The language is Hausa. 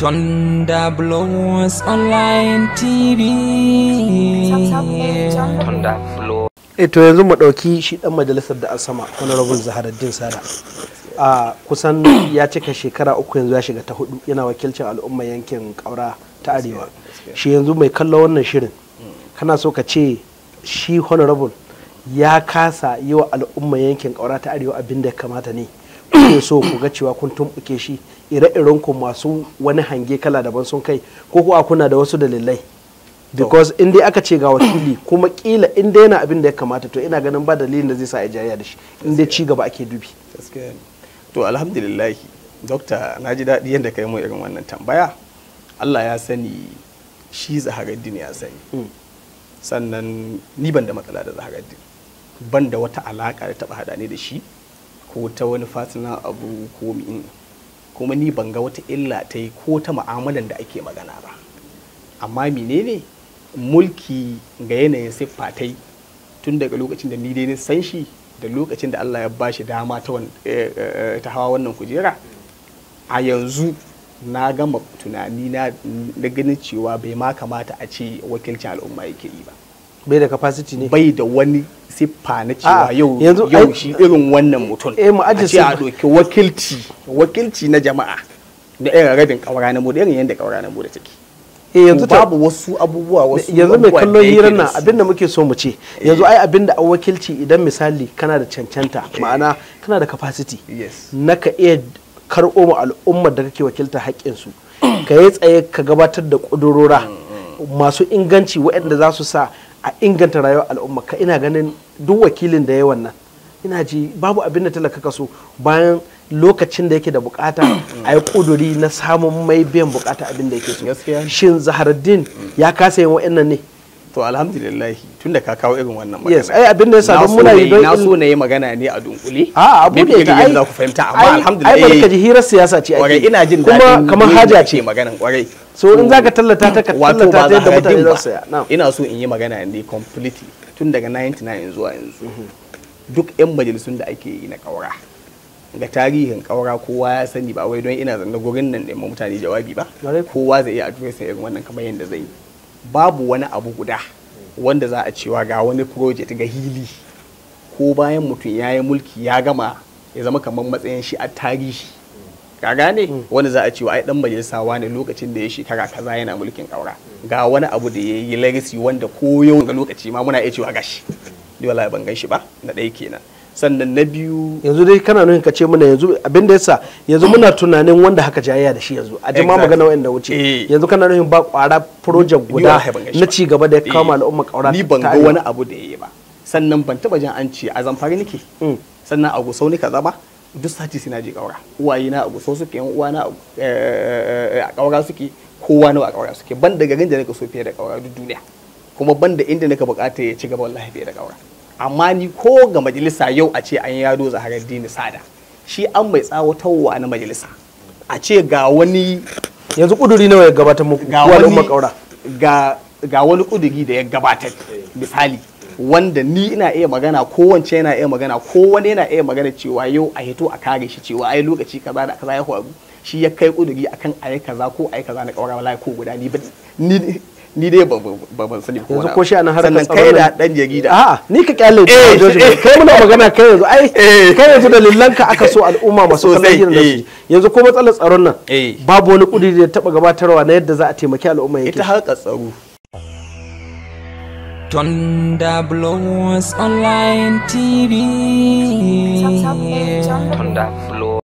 Thunder Blows Online TV. Thunder Blows. Eh, to yanzu mu ɗauki shi ɗan majalisar da asama honorable zaharaddin sada a kusan ya cika shekara uku yanzu ya shiga ta hudu yana wakilcin al'umma yankin Kaura ta arewa shi yanzu mai kallo wannan shirin kana so ka ce shi honorable ya kasa yi wa al'umma yankin Kaura ta arewa abin da kamata ne so ku ga cewa kun tumbuke shi ire-iren ku masu wani hange kala daban sun kai ko kuwa kuna da wasu dalilai because in dai aka ce ga wakili kuma kila in dai yana abin da ya kamata to ina ganin ba dalilin da zai sa a jayayya da shi in dai ci gaba ake dubi to alhamdulillah dokta na ji daɗi yadda kai mu irin wannan tambaya Allah ya sani shi zaharaddin ya sani hmm. sannan ni ban da matsala da zaharaddin ban da wata alaƙa da taɓa haɗa ne da shi ko ta wani fatina abu ko mi'in kuma ni ban ga wata illa ta yi ko ta mu'amalan da ake magana ba amma menene mulki ga yanayin siffa siffatai tun daga lokacin da ni dai san shi da lokacin da Allah ya ba shi dama ta eh, eh, hawa wannan kujera a yanzu na gama tunani na ganin cewa bai ma kamata a ce wakilcin al'umma yake yi ba bai da capacity ne bai da wani siffa na cewa ah, yau yau shi irin wannan mutum eh mu aje a doki wakilci wakilci na jama'a da irin rabin kawara na mu da irin yanda kawara na mu da take eh yanzu babu wasu abubuwa wasu yanzu mai kallon hirar nan abinda muke so mu ce eh. yanzu ai abinda a wakilci idan misali kana da cancanta eh. ma'ana kana da capacity Yes. Naka iya karɓo ma al'ummar da kake wakilta haƙƙinsu ka yi tsaye ka gabatar da ƙudurora mm, mm. masu inganci waɗanda za su sa a inganta rayuwar al'umma ka ina ganin duk wakilin da ya wannan ina ji babu abin da talaka kaso bayan lokacin da yake da bukata a yi kuduri na samun mai biyan bukata abin da yake so shin zahardin ya kasa yin wa'annan ne to alhamdulillah tun da ka kawo irin wannan magana yes ai abin da ya don muna yi don na so na yi magana ne a dunkule a abu da ta ai ku fahimta amma alhamdulillah ai barka ji hirar siyasa ce ake ina jin kuma kamar haja ce maganan kwarai so in zaka tallata ta ka tallata ta yadda mutane za su saya ina so in yi magana in dai completely tun daga 99 zuwa yanzu mhm. duk yan majalisun da ake yi na kaura ga tarihin kaura kowa ya sani ba wai don ina zanne gurin nan da mutane jawabi ba kowa zai iya addressing irin wannan kamar yadda zai yi babu wani abu guda wanda za a cewa ga wani project ga hili ko bayan mutum ya yi mulki ya gama ya zama kamar matsayin shi a tarihi ka gane mm. wani za a cewa ai dan majalisa wani lokacin da ya shekara kaza yana mulkin kaura ga wani abu da ya yi legacy wanda ko yau ga lokaci ma muna iya cewa gashi ni wallahi ban gan shi ba na dai kenan sannan na biyu yanzu dai kana nuna ka ce mana yanzu abin da yasa yanzu muna tunanin wanda haka jayayya da shi yanzu a jima magana da wuce eh. yanzu kana nuna ba kwara project guda na ci gaba da ya eh. kama al'umma kaura ni ban ga wani abu da yayi ba sannan ban taba jin an ce a zamfari nake mm. sannan a gusau ni kaza ba duk sati suna je kaura uwaye na abu so suke uwa na eh, a ƙaura suke kowa nawa a ƙaura suke ban da garin da nake so fiye da ƙaura duk duniya kuma ban da inda nake bukata ya ci gaba wallahi fiye da kaura amma ni ko ga majalisa yau a ce an yado zaharar dini sada shi an mai tsawatarwa na majalisa a ce ga wani yanzu kuduri nawa ya gabatar muku ga wani ga wani kuduri da ya gabatar misali wanda ni ina iya magana ko wance yana iya magana ko wani yana iya magana cewa yau a hito a kare shi cewa ai lokaci kaza da kaza ya faru shi ya kai kuduri akan ayi kaza ko ayi kaza na kawara wallahi ko guda ni ni ni dai ba ban sani ko yanzu ko shi anan harkar tsaron kai da dan jarida a'a ni ka kyale eh, eh. kai muna magana kai yanzu ai eh. kai yanzu da lillanka aka so al'umma masu kallon da yanzu ko matsalar tsaron nan babu wani kudi da ya taba gabatarwa na yadda za a taimaki al'umma yake ita harkar tsaro Thunder Blows Online TV. Thunder Blows.